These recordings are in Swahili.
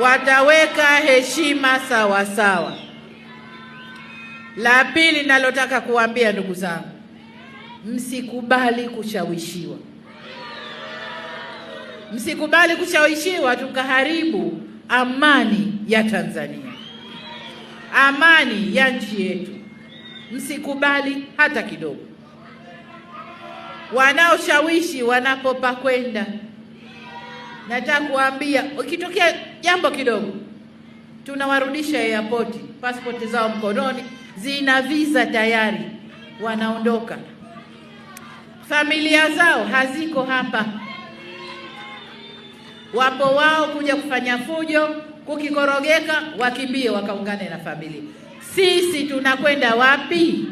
wataweka heshima sawa sawa. La pili nalotaka kuambia ndugu zangu, msikubali kushawishiwa, msikubali kushawishiwa tukaharibu amani ya Tanzania, amani ya nchi yetu. Msikubali hata kidogo. Wanaoshawishi wanapopa kwenda Nataka kuwaambia ukitokea jambo kidogo, tunawarudisha airport, passport zao mkononi, zina visa tayari, wanaondoka. Familia zao haziko hapa, wapo wao kuja kufanya fujo, kukikorogeka wakimbie wakaungane na familia. Sisi tunakwenda wapi?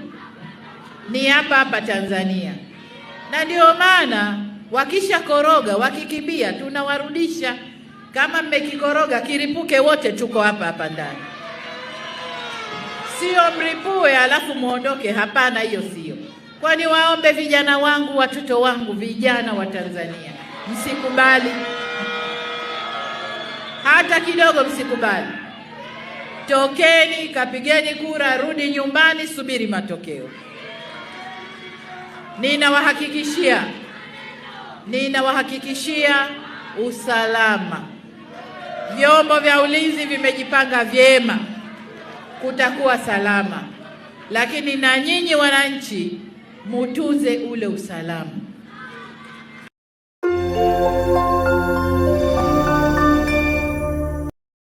Ni hapa hapa Tanzania, na ndio maana Wakisha koroga wakikimbia, tunawarudisha. Kama mmekikoroga kiripuke, wote tuko hapa hapa ndani, sio mripue alafu muondoke. Hapana, hiyo sio. Kwa ni waombe vijana wangu, watoto wangu, vijana wa Tanzania, msikubali hata kidogo, msikubali. Tokeni kapigeni kura, rudi nyumbani, subiri matokeo. Ninawahakikishia ninawahakikishia usalama. Vyombo vya ulinzi vimejipanga vyema, kutakuwa salama, lakini na nyinyi wananchi mutunze ule usalama.